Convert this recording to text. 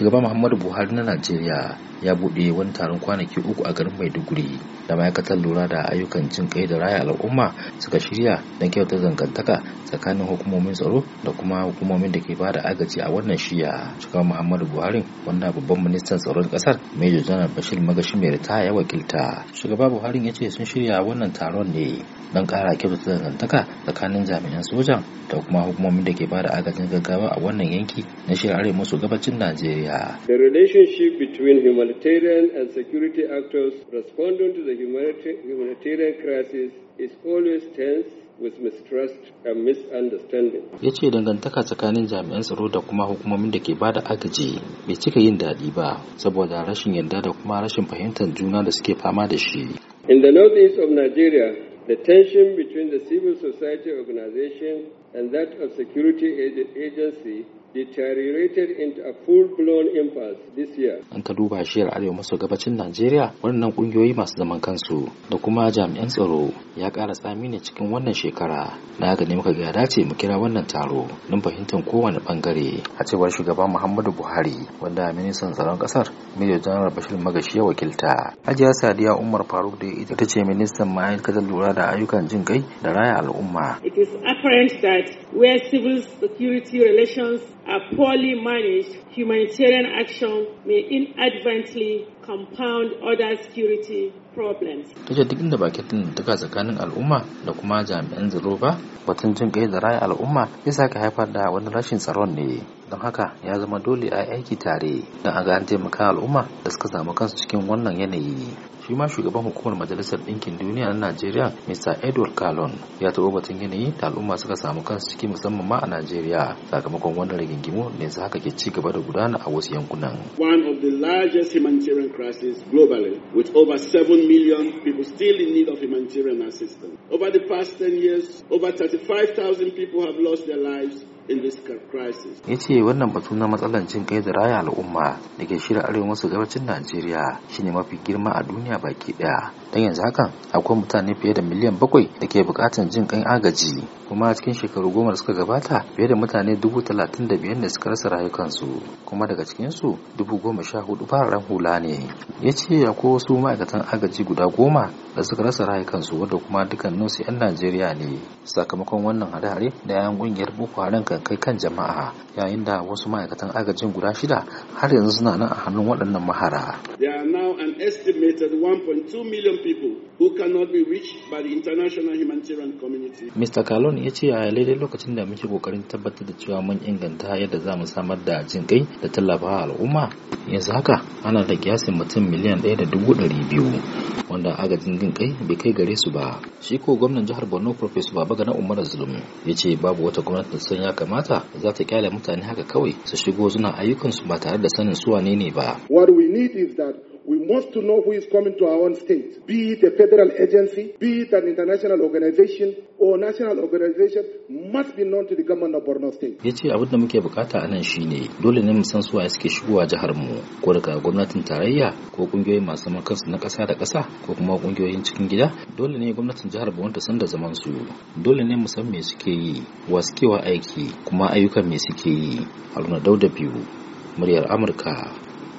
shugaba muhammadu buhari na najeriya ya buɗe wani taron kwanaki uku a garin maiduguri da ma'aikatar lura da ayyukan jin kai da raya al'umma suka shirya na kyauta zangantaka tsakanin hukumomin tsaro da kuma hukumomin da ke ba da agaji a wannan shiya shugaba muhammadu buhari wanda babban ministan tsaron ƙasar major janar bashir magashi mai ritaya ya wakilta shugaba buhari ya ce sun shirya wannan taron ne don ƙara kyautata dangantaka tsakanin jami'an sojan da kuma hukumomin da ke ba da agajin gaggawa a wannan yanki na shirin arewa maso gabacin Najeriya. The relationship between humanitarian and security actors responding to the humanitarian crisis is always tense with mistrust and misunderstanding. Ya ce dangantaka tsakanin jami'an tsaro da kuma hukumomin da ke ba da agaji bai cika yin daɗi ba saboda rashin yarda da kuma rashin fahimtar juna da suke fama da shi. In the northeast of Nigeria, The tension between the civil society organization and that of security agency deteriorated into a full-blown impasse this year. An ka duba shiyar arewa maso gabacin Najeriya waɗannan ƙungiyoyi masu zaman kansu da kuma jami'an tsaro ya ƙara tsami ne cikin wannan shekara. Na gani muka ga dace mu kira wannan taro don fahimtar kowane ɓangare. A cewar shugaban Muhammadu Buhari wanda ministan tsaron ƙasar Major General Bashir Magashi ya wakilta. Hajiya Sadiya Umar Faruk da ita ce ministan ma'aikatar lura da ayyukan jin kai da raya al'umma. It is apparent that where civil security relations A poorly managed, humanitarian action may inadvertently compound other security problems. Ta ce duk inda bakin din duka tsakanin al'umma da kuma jami'an tsaro ba, batun jin kai da raya al'umma ya saka haifar da wani rashin tsaron ne. don haka ya zama dole a aiki tare don a ga an taimaka al'umma da suka samu kansu cikin wannan yanayi shi ma shugaban hukumar majalisar ɗinkin duniya na najeriya mr edward kalon ya taɓa batun yanayi da al'umma suka samu kansu ciki musamman ma a najeriya sakamakon wannan rigingimu ne su haka ke ci gaba da gudana a wasu yankunan one of the largest humanitarian crises globally with over 7 million people still in need of humanitarian assistance over the past 10 years over 35,000 people have lost their lives ya ce wannan batu na matsalar cin kai da raya al'umma da ke shirya arewa masu gabacin najeriya shine mafi girma a duniya baki daya don yanzu hakan akwai mutane fiye da miliyan bakwai da ke bukatan jin kai agaji kuma a cikin shekaru goma da suka gabata fiye da mutane dubu talatin da biyar ne suka rasa rayukansu kuma daga cikinsu dubu goma sha hudu fararen hula ne ya ce akwai wasu ma'aikatan agaji guda goma da suka rasa rayukansu wadda kuma dukkaninsu 'yan najeriya ne sakamakon wannan hare-hare da 'yan kungiyar boko haram kan haɗin kai kan jama'a yayin da wasu ma'aikatan agajin guda shida har yanzu suna nan a hannun waɗannan mahara. an estimated million be Mr. Kalon ya ce a daidai lokacin da muke kokarin tabbatar da cewa mun inganta yadda za mu samar da jin kai da tallafawa al'umma yanzu haka ana da kiyasin mutum miliyan ɗaya da dubu ɗari biyu wanda agajin jin kai bai kai gare su ba. Shi ko gwamnan jihar Borno Professor Babagana Umar Zulum ya ce babu wata gwamnati da ya Mata za ta kyale mutane haka kawai su shigo suna ayyukansu ba tare da sanin su wane ne ba. What we need is that we must to know who is coming to our own state, be it a federal agency, be it an international organization or national organization must be known to the government of Borno state. Ya ce abin da muke bukata a nan shine dole ne mu san suwaye suke shigowa jihar mu ko daga gwamnatin tarayya ko kungiyoyi masu zaman kansu na ƙasa da kasa ko kuma kungiyoyin cikin gida dole ne gwamnatin jihar Borno ta san da zaman su dole ne mu san me suke yi wa suke wa aiki kuma ayyukan me suke yi Haruna Dauda biyu muryar Amurka